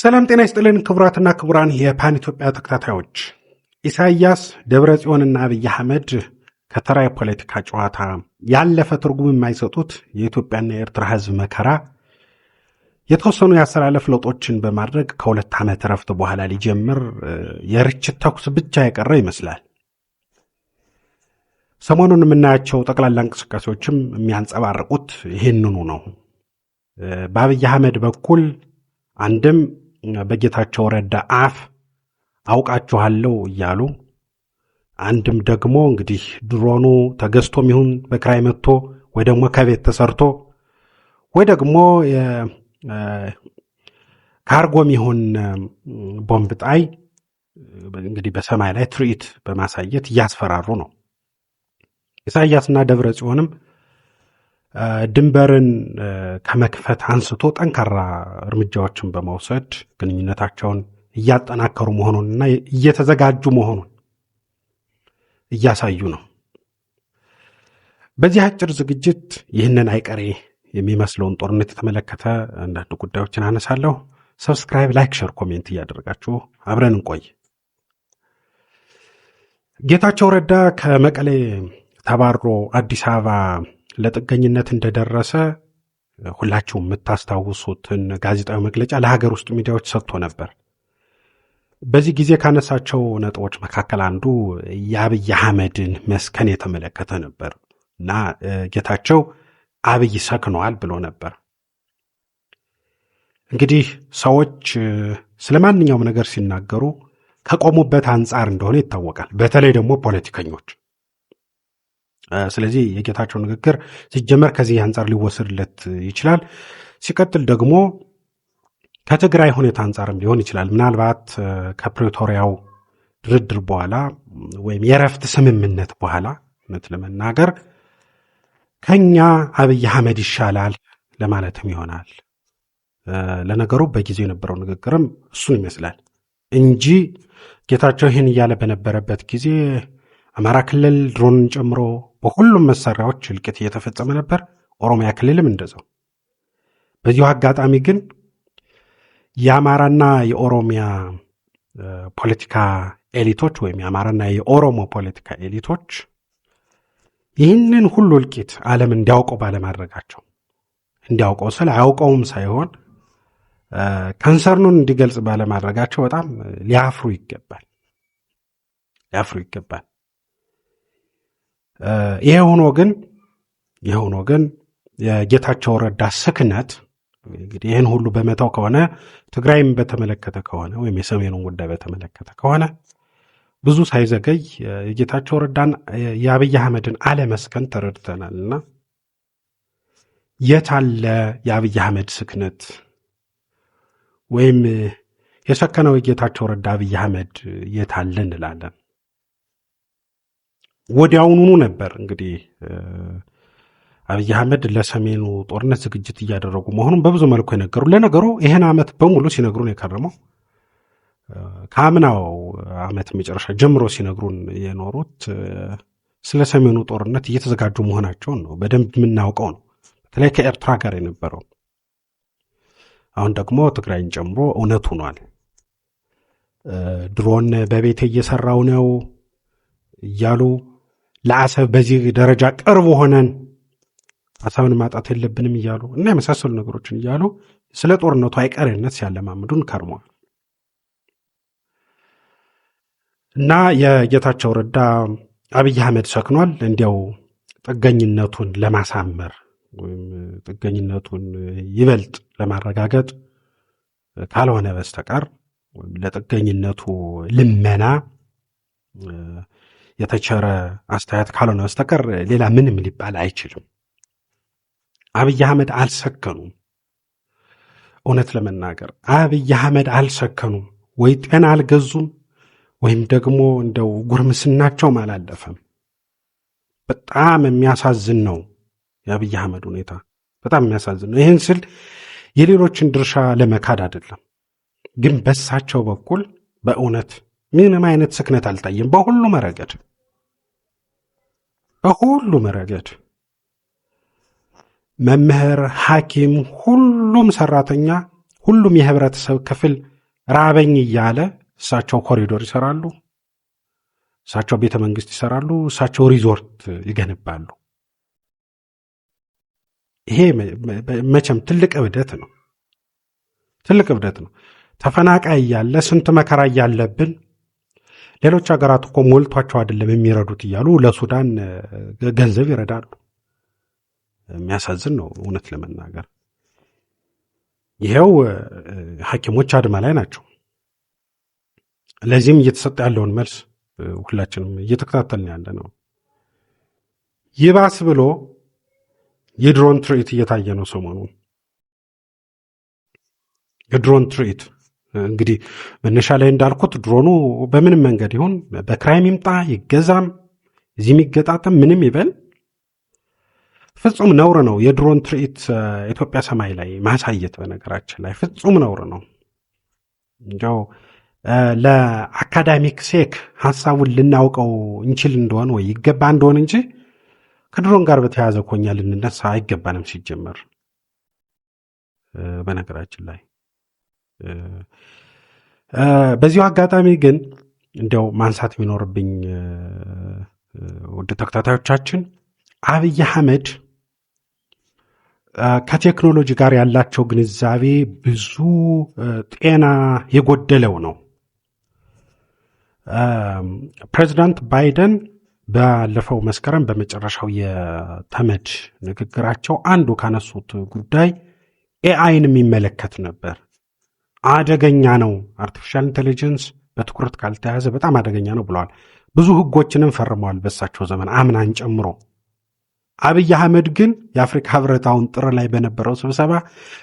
ሰላም ጤና ይስጥልን ክቡራትና ክቡራን የፓን ኢትዮጵያ ተከታታዮች፣ ኢሳያስ ደብረ ጽዮንና አብይ አህመድ ከተራ የፖለቲካ ጨዋታ ያለፈ ትርጉም የማይሰጡት የኢትዮጵያና የኤርትራ ህዝብ መከራ የተወሰኑ የአሰላለፍ ለውጦችን በማድረግ ከሁለት ዓመት ረፍት በኋላ ሊጀምር የርችት ተኩስ ብቻ የቀረ ይመስላል። ሰሞኑን የምናያቸው ጠቅላላ እንቅስቃሴዎችም የሚያንጸባርቁት ይህንኑ ነው። በአብይ አህመድ በኩል አንድም በጌታቸው ረዳ አፍ አውቃችኋለሁ እያሉ አንድም ደግሞ እንግዲህ ድሮኑ ተገዝቶ ይሁን በክራይ መጥቶ ወይ ደግሞ ከቤት ተሰርቶ ወይ ደግሞ ካርጎም ይሁን ቦምብ ጣይ እንግዲህ በሰማይ ላይ ትርኢት በማሳየት እያስፈራሩ ነው። ኢሳያስና ደብረ ጽዮንም ድንበርን ከመክፈት አንስቶ ጠንካራ እርምጃዎችን በመውሰድ ግንኙነታቸውን እያጠናከሩ መሆኑንና እየተዘጋጁ መሆኑን እያሳዩ ነው። በዚህ አጭር ዝግጅት ይህንን አይቀሬ የሚመስለውን ጦርነት የተመለከተ አንዳንድ ጉዳዮችን አነሳለሁ። ሰብስክራይብ፣ ላይክ፣ ሸር፣ ኮሜንት እያደረጋችሁ አብረን እንቆይ። ጌታቸው ረዳ ከመቀሌ ተባሮ አዲስ አበባ ለጥገኝነት እንደደረሰ ሁላችሁ የምታስታውሱትን ጋዜጣዊ መግለጫ ለሀገር ውስጥ ሚዲያዎች ሰጥቶ ነበር። በዚህ ጊዜ ካነሳቸው ነጥቦች መካከል አንዱ የአብይ አህመድን መስከን የተመለከተ ነበር እና ጌታቸው አብይ ሰክነዋል ብሎ ነበር። እንግዲህ ሰዎች ስለ ማንኛውም ነገር ሲናገሩ ከቆሙበት አንጻር እንደሆነ ይታወቃል። በተለይ ደግሞ ፖለቲከኞች ስለዚህ የጌታቸው ንግግር ሲጀመር ከዚህ አንጻር ሊወሰድለት ይችላል። ሲቀጥል ደግሞ ከትግራይ ሁኔታ አንጻርም ሊሆን ይችላል። ምናልባት ከፕሪቶሪያው ድርድር በኋላ ወይም የእረፍት ስምምነት በኋላ እውነት ለመናገር ከኛ አብይ አህመድ ይሻላል ለማለትም ይሆናል። ለነገሩ በጊዜው የነበረው ንግግርም እሱን ይመስላል እንጂ ጌታቸው ይህን እያለ በነበረበት ጊዜ አማራ ክልል ድሮንን ጨምሮ በሁሉም መሳሪያዎች እልቂት እየተፈጸመ ነበር። ኦሮሚያ ክልልም እንደዛው። በዚሁ አጋጣሚ ግን የአማራና የኦሮሚያ ፖለቲካ ኤሊቶች ወይም የአማራና የኦሮሞ ፖለቲካ ኤሊቶች ይህንን ሁሉ እልቂት ዓለም እንዲያውቀው ባለማድረጋቸው እንዲያውቀው ስል አያውቀውም ሳይሆን ከንሰርኑን እንዲገልጽ ባለማድረጋቸው በጣም ሊያፍሩ ይገባል ሊያፍሩ ይገባል። ይሄ ሆኖ ግን ይሄ ሆኖ ግን የጌታቸው ረዳ ስክነት እንግዲህ ይህን ሁሉ በመተው ከሆነ ትግራይም በተመለከተ ከሆነ ወይም የሰሜኑን ጉዳይ በተመለከተ ከሆነ ብዙ ሳይዘገይ የጌታቸው ረዳን የአብይ አህመድን አለመስከን ተረድተናል የት አለ የአብይ አህመድ ስክነት ወይም የሰከነው የጌታቸው ረዳ አብይ አህመድ የት አለ እንላለን። ወዲያውኑኑ ነበር እንግዲህ አብይ አህመድ ለሰሜኑ ጦርነት ዝግጅት እያደረጉ መሆኑን በብዙ መልኩ የነገሩ። ለነገሩ ይህን ዓመት በሙሉ ሲነግሩን የከረመው ከአምናው ዓመት መጨረሻ ጀምሮ ሲነግሩን የኖሩት ስለ ሰሜኑ ጦርነት እየተዘጋጁ መሆናቸውን ነው በደንብ የምናውቀው ነው። በተለይ ከኤርትራ ጋር የነበረው አሁን ደግሞ ትግራይን ጨምሮ እውነት ሆኗል። ድሮን በቤት እየሰራው ነው እያሉ ለአሰብ በዚህ ደረጃ ቅርብ ሆነን አሰብን ማጣት የለብንም እያሉ እና የመሳሰሉ ነገሮችን እያሉ ስለ ጦርነቱ አይቀሬነት ሲያለማምዱን ከርሟል። እና የጌታቸው ረዳ አብይ አህመድ ሰክኗል። እንዲያው ጥገኝነቱን ለማሳመር ወይም ጥገኝነቱን ይበልጥ ለማረጋገጥ ካልሆነ በስተቀር ለጥገኝነቱ ልመና የተቸረ አስተያየት ካልሆነ በስተቀር ሌላ ምንም ሊባል አይችልም። አብይ አህመድ አልሰከኑም። እውነት ለመናገር አብይ አህመድ አልሰከኑም። ወይ ጤና አልገዙም፣ ወይም ደግሞ እንደው ጉርምስናቸውም አላለፈም። በጣም የሚያሳዝን ነው የአብይ አህመድ ሁኔታ፣ በጣም የሚያሳዝን ነው። ይህን ስል የሌሎችን ድርሻ ለመካድ አይደለም፣ ግን በሳቸው በኩል በእውነት ምንም አይነት ስክነት አልታየም በሁሉም ረገድ። በሁሉም ረገድ መምህር፣ ሐኪም፣ ሁሉም ሰራተኛ፣ ሁሉም የህብረተሰብ ክፍል ራበኝ እያለ እሳቸው ኮሪዶር ይሰራሉ፣ እሳቸው ቤተ መንግስት ይሰራሉ፣ እሳቸው ሪዞርት ይገነባሉ። ይሄ መቼም ትልቅ እብደት ነው። ትልቅ እብደት ነው። ተፈናቃይ እያለ ስንት መከራ እያለብን ሌሎች ሀገራት እኮ ሞልቷቸው አይደለም የሚረዱት እያሉ ለሱዳን ገንዘብ ይረዳሉ። የሚያሳዝን ነው እውነት ለመናገር ይኸው ሐኪሞች አድማ ላይ ናቸው። ለዚህም እየተሰጠ ያለውን መልስ ሁላችንም እየተከታተልን ያለ ነው። ይባስ ብሎ የድሮን ትርኢት እየታየ ነው ሰሞኑን የድሮን ትርኢት እንግዲህ መነሻ ላይ እንዳልኩት ድሮኑ በምንም መንገድ ይሁን በክራይም ይምጣ ይገዛም፣ እዚህ የሚገጣጠም ምንም ይበል ፍጹም ነውር ነው የድሮን ትርኢት ኢትዮጵያ ሰማይ ላይ ማሳየት። በነገራችን ላይ ፍጹም ነውር ነው። እንዲያው ለአካዳሚክ ሴክ ሀሳቡን ልናውቀው እንችል እንደሆን ወይ ይገባ እንደሆን እንጂ ከድሮን ጋር በተያያዘ ኮኛ ልንነሳ አይገባንም ሲጀመር በነገራችን ላይ በዚሁ አጋጣሚ ግን እንዲያው ማንሳት የሚኖርብኝ ውድ ተከታታዮቻችን አብይ አህመድ ከቴክኖሎጂ ጋር ያላቸው ግንዛቤ ብዙ ጤና የጎደለው ነው። ፕሬዚዳንት ባይደን ባለፈው መስከረም በመጨረሻው የተመድ ንግግራቸው አንዱ ካነሱት ጉዳይ ኤአይን የሚመለከት ነበር። አደገኛ ነው፣ አርቲፊሻል ኢንቴሊጀንስ በትኩረት ካልተያዘ በጣም አደገኛ ነው ብለዋል። ብዙ ህጎችንም ፈርመዋል በሳቸው ዘመን አምናን ጨምሮ። አብይ አህመድ ግን የአፍሪካ ህብረት አሁን ጥር ላይ በነበረው ስብሰባ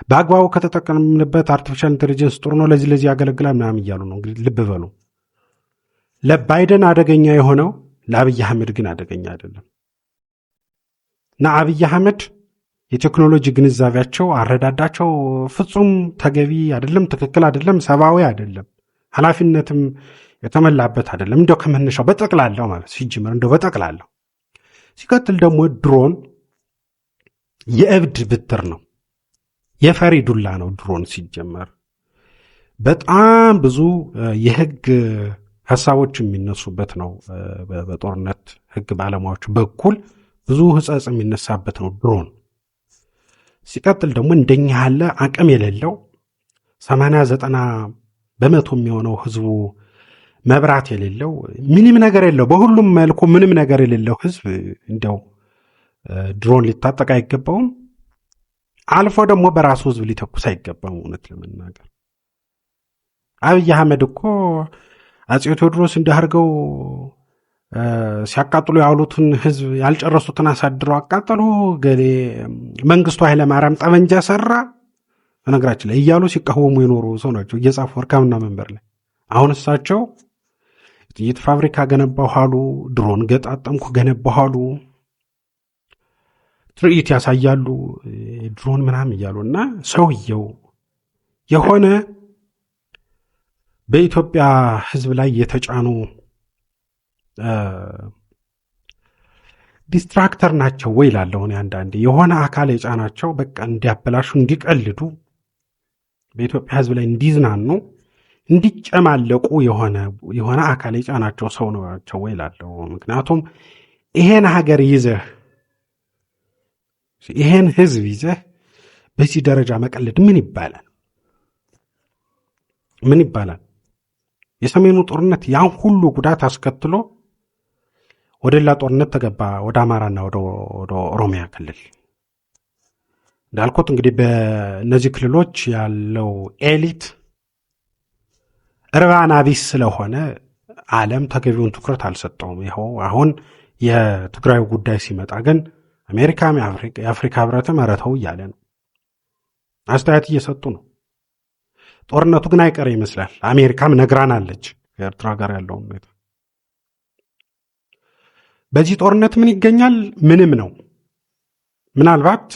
በአግባቡ ከተጠቀምንበት አርቲፊሻል ኢንቴሊጀንስ ጥሩ ነው፣ ለዚህ ለዚህ ያገለግላል ምናምን እያሉ ነው። እንግዲህ ልብ በሉ። ለባይደን አደገኛ የሆነው ለአብይ አህመድ ግን አደገኛ አይደለም እና አብይ አህመድ የቴክኖሎጂ ግንዛቤያቸው አረዳዳቸው ፍጹም ተገቢ አይደለም፣ ትክክል አይደለም፣ ሰብአዊ አይደለም፣ ኃላፊነትም የተመላበት አይደለም። እንደው ከመነሻው በጠቅላላው ማለት ሲጀመር እንደው በጠቅላላው ሲቀጥል ደግሞ ድሮን የእብድ ብትር ነው፣ የፈሪ ዱላ ነው ድሮን ሲጀመር። በጣም ብዙ የህግ ሀሳቦች የሚነሱበት ነው። በጦርነት ህግ ባለሙያዎች በኩል ብዙ ህጸጽ የሚነሳበት ነው ድሮን ሲቀጥል ደግሞ እንደኛ ያለ አቅም የሌለው ሰማንያ ዘጠና በመቶ የሚሆነው ህዝቡ መብራት የሌለው ምንም ነገር የለው በሁሉም መልኩ ምንም ነገር የሌለው ህዝብ እንደው ድሮን ሊታጠቅ አይገባውም። አልፎ ደግሞ በራሱ ህዝብ ሊተኩስ አይገባም። እውነት ለመናገር አብይ አህመድ እኮ አፄ ቴዎድሮስ እንዳርገው ሲያቃጥሉ ያሉትን ህዝብ ያልጨረሱትን አሳድረው አቃጠሉ፣ ገሌ መንግስቱ ኃይለማርያም ጠመንጃ ሰራ በነገራችን ላይ እያሉ ሲቃወሙ የኖሩ ሰው ናቸው፣ እየጻፉ ወርካምና መንበር ላይ። አሁን እሳቸው ጥይት ፋብሪካ ገነባኋሉ፣ አሉ፣ ድሮን ገጣጠምኩ ገነባኋሉ፣ ትርኢት ያሳያሉ ድሮን ምናምን እያሉ እና ሰውየው የሆነ በኢትዮጵያ ህዝብ ላይ የተጫኑ ዲስትራክተር ናቸው ወይ እላለሁ እኔ አንዳንዴ። የሆነ አካል የጫናቸው በቃ እንዲያበላሹ፣ እንዲቀልዱ፣ በኢትዮጵያ ህዝብ ላይ እንዲዝናኑ፣ እንዲጨማለቁ የሆነ አካል የጫናቸው ሰው ናቸው ወይ እላለሁ። ምክንያቱም ይሄን ሀገር ይዘህ ይሄን ህዝብ ይዘህ በዚህ ደረጃ መቀለድ ምን ይባላል? ምን ይባላል? የሰሜኑ ጦርነት ያን ሁሉ ጉዳት አስከትሎ ወደ ሌላ ጦርነት ተገባ፣ ወደ አማራና ወደ ኦሮሚያ ክልል እንዳልኩት እንግዲህ በእነዚህ ክልሎች ያለው ኤሊት እርባና ቢስ ስለሆነ ዓለም ተገቢውን ትኩረት አልሰጠውም። ይኸው አሁን የትግራዩ ጉዳይ ሲመጣ ግን አሜሪካም የአፍሪካ ህብረትም እረተው እያለ ነው፣ አስተያየት እየሰጡ ነው። ጦርነቱ ግን አይቀር ይመስላል። አሜሪካም ነግራናለች ከኤርትራ ጋር ያለውን ሁኔታ በዚህ ጦርነት ምን ይገኛል? ምንም ነው። ምናልባት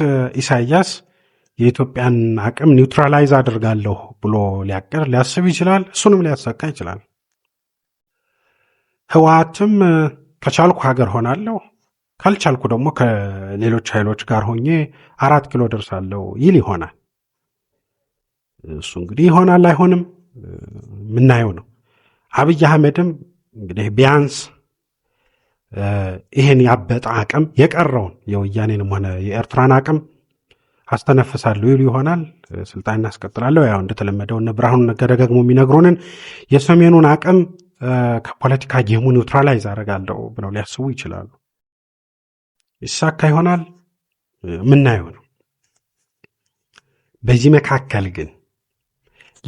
ኢሳይያስ የኢትዮጵያን አቅም ኒውትራላይዝ አድርጋለሁ ብሎ ሊያቅር ሊያስብ ይችላል። እሱንም ሊያሳካ ይችላል። ህወሓትም ከቻልኩ ሀገር ሆናለሁ፣ ካልቻልኩ ደግሞ ከሌሎች ኃይሎች ጋር ሆኜ አራት ኪሎ ደርሳለሁ ይል ይሆናል። እሱ እንግዲህ ይሆናል አይሆንም የምናየው ነው። አብይ አህመድም እንግዲህ ቢያንስ ይህን ያበጠ አቅም የቀረውን የወያኔንም ሆነ የኤርትራን አቅም አስተነፍሳለሁ ይሉ ይሆናል። ስልጣን እናስቀጥላለሁ። ያው እንደተለመደው እነ ብርሃኑ ነጋ ደግሞ የሚነግሩንን የሰሜኑን አቅም ከፖለቲካ ጌሙ ኒውትራላይዝ አደርጋለሁ ብለው ሊያስቡ ይችላሉ። ይሳካ ይሆናል ምናየው ነው። በዚህ መካከል ግን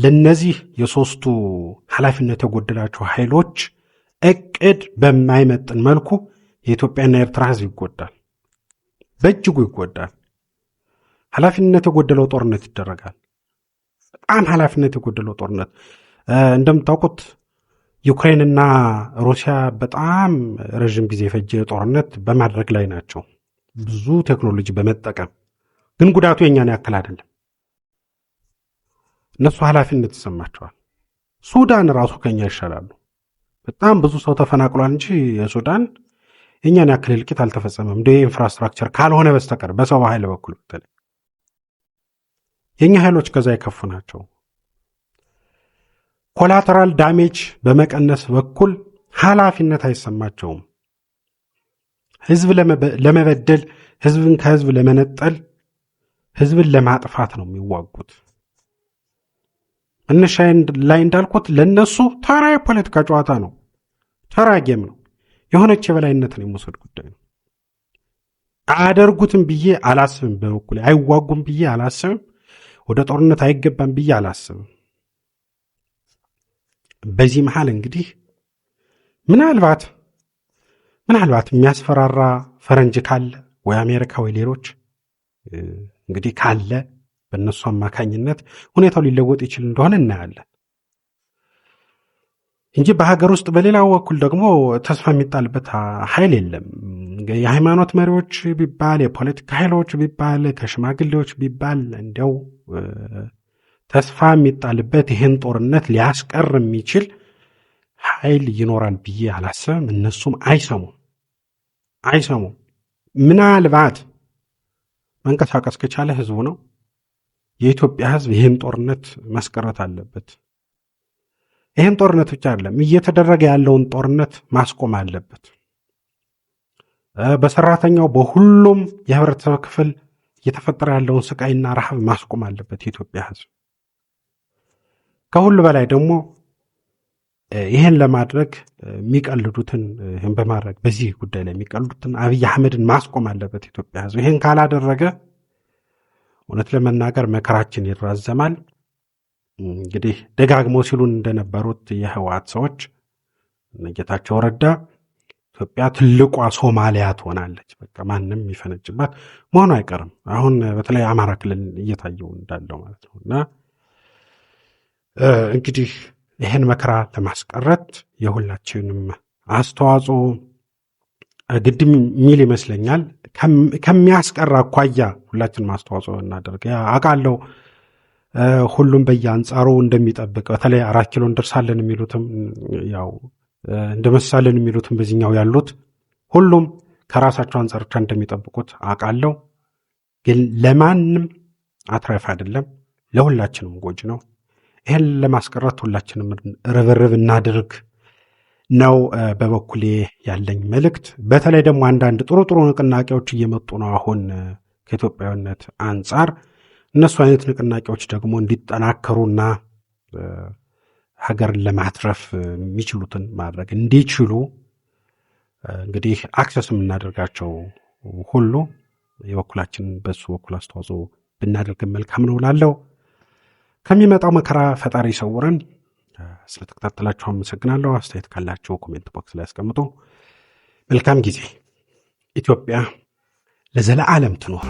ለነዚህ የሶስቱ ኃላፊነት የጎደላቸው ኃይሎች እቅድ በማይመጥን መልኩ የኢትዮጵያና የኤርትራ ህዝብ ይጎዳል፣ በእጅጉ ይጎዳል። ኃላፊነት የጎደለው ጦርነት ይደረጋል። በጣም ኃላፊነት የጎደለው ጦርነት እንደምታውቁት ዩክሬንና ሩሲያ በጣም ረዥም ጊዜ የፈጀ ጦርነት በማድረግ ላይ ናቸው፣ ብዙ ቴክኖሎጂ በመጠቀም ግን ጉዳቱ የእኛን ያክል አይደለም። እነሱ ኃላፊነት ይሰማቸዋል። ሱዳን ራሱ ከኛ ይሻላሉ። በጣም ብዙ ሰው ተፈናቅሏል እንጂ የሱዳን የእኛን ያክል እልቂት አልተፈጸመም። እንደ ኢንፍራስትራክቸር ካልሆነ በስተቀር በሰው ኃይል በኩል በተለይ የእኛ ኃይሎች ከዛ የከፉ ናቸው። ኮላተራል ዳሜጅ በመቀነስ በኩል ኃላፊነት አይሰማቸውም። ህዝብ ለመበደል፣ ህዝብን ከህዝብ ለመነጠል፣ ህዝብን ለማጥፋት ነው የሚዋጉት። መነሻ ላይ እንዳልኩት ለእነሱ ተራ የፖለቲካ ጨዋታ ነው። ተራ ጌም ነው። የሆነች የበላይነትን የመውሰድ ጉዳይ ነው። አያደርጉትም ብዬ አላስብም። በበኩል አይዋጉም ብዬ አላስብም። ወደ ጦርነት አይገባም ብዬ አላስብም። በዚህ መሀል እንግዲህ ምናልባት ምናልባት የሚያስፈራራ ፈረንጅ ካለ ወይ አሜሪካ ወይ ሌሎች እንግዲህ ካለ በእነሱ አማካኝነት ሁኔታው ሊለወጥ ይችል እንደሆነ እናያለን። እንጂ በሀገር ውስጥ በሌላው በኩል ደግሞ ተስፋ የሚጣልበት ኃይል የለም። የሃይማኖት መሪዎች ቢባል፣ የፖለቲካ ኃይሎች ቢባል፣ ከሽማግሌዎች ቢባል እንዲያው ተስፋ የሚጣልበት ይህን ጦርነት ሊያስቀር የሚችል ኃይል ይኖራል ብዬ አላሰብም። እነሱም አይሰሙም አይሰሙም። ምናልባት መንቀሳቀስ ከቻለ ህዝቡ ነው። የኢትዮጵያ ህዝብ ይህን ጦርነት ማስቀረት አለበት። ይህን ጦርነት ብቻ አይደለም እየተደረገ ያለውን ጦርነት ማስቆም አለበት። በሰራተኛው በሁሉም የህብረተሰብ ክፍል እየተፈጠረ ያለውን ስቃይና ረሃብ ማስቆም አለበት የኢትዮጵያ ህዝብ። ከሁሉ በላይ ደግሞ ይህን ለማድረግ የሚቀልዱትን ይህን በማድረግ በዚህ ጉዳይ ላይ የሚቀልዱትን አብይ አህመድን ማስቆም አለበት የኢትዮጵያ ህዝብ። ይህን ካላደረገ እውነት ለመናገር መከራችን ይራዘማል። እንግዲህ ደጋግሞ ሲሉ እንደነበሩት የህወሓት ሰዎች ጌታቸው ረዳ ኢትዮጵያ ትልቋ ሶማሊያ ትሆናለች፣ በቃ ማንም የሚፈነጭባት መሆኑ አይቀርም። አሁን በተለይ አማራ ክልል እየታየው እንዳለው ማለት ነው። እና እንግዲህ ይህን መከራ ለማስቀረት የሁላችንም አስተዋጽኦ ግድ የሚል ይመስለኛል። ከሚያስቀራ አኳያ ሁላችንም አስተዋጽኦ እናደርግ አውቃለሁ። ሁሉም በየአንጻሩ እንደሚጠብቅ በተለይ አራት ኪሎ እንደርሳለን የሚሉትም ያው እንደመሳለን የሚሉትም በዚህኛው ያሉት ሁሉም ከራሳቸው አንጻር ብቻ እንደሚጠብቁት አውቃለሁ። ግን ለማንም አትራፊ አይደለም፣ ለሁላችንም ጎጅ ነው። ይህን ለማስቀረት ሁላችንም ርብርብ እናድርግ ነው በበኩሌ ያለኝ መልእክት። በተለይ ደግሞ አንዳንድ ጥሩ ጥሩ ንቅናቄዎች እየመጡ ነው አሁን ከኢትዮጵያዊነት አንጻር እነሱ አይነት ንቅናቄዎች ደግሞ እንዲጠናከሩና ሀገርን ለማትረፍ የሚችሉትን ማድረግ እንዲችሉ እንግዲህ አክሰስ የምናደርጋቸው ሁሉ የበኩላችን በሱ በኩል አስተዋጽኦ ብናደርግ መልካም ነው ላለው ከሚመጣው መከራ ፈጣሪ ይሰውረን። ስለተከታተላችሁ አመሰግናለሁ። አስተያየት ካላችሁ ኮሜንት ቦክስ ላይ ያስቀምጡ። መልካም ጊዜ። ኢትዮጵያ ለዘለዓለም ትኖር።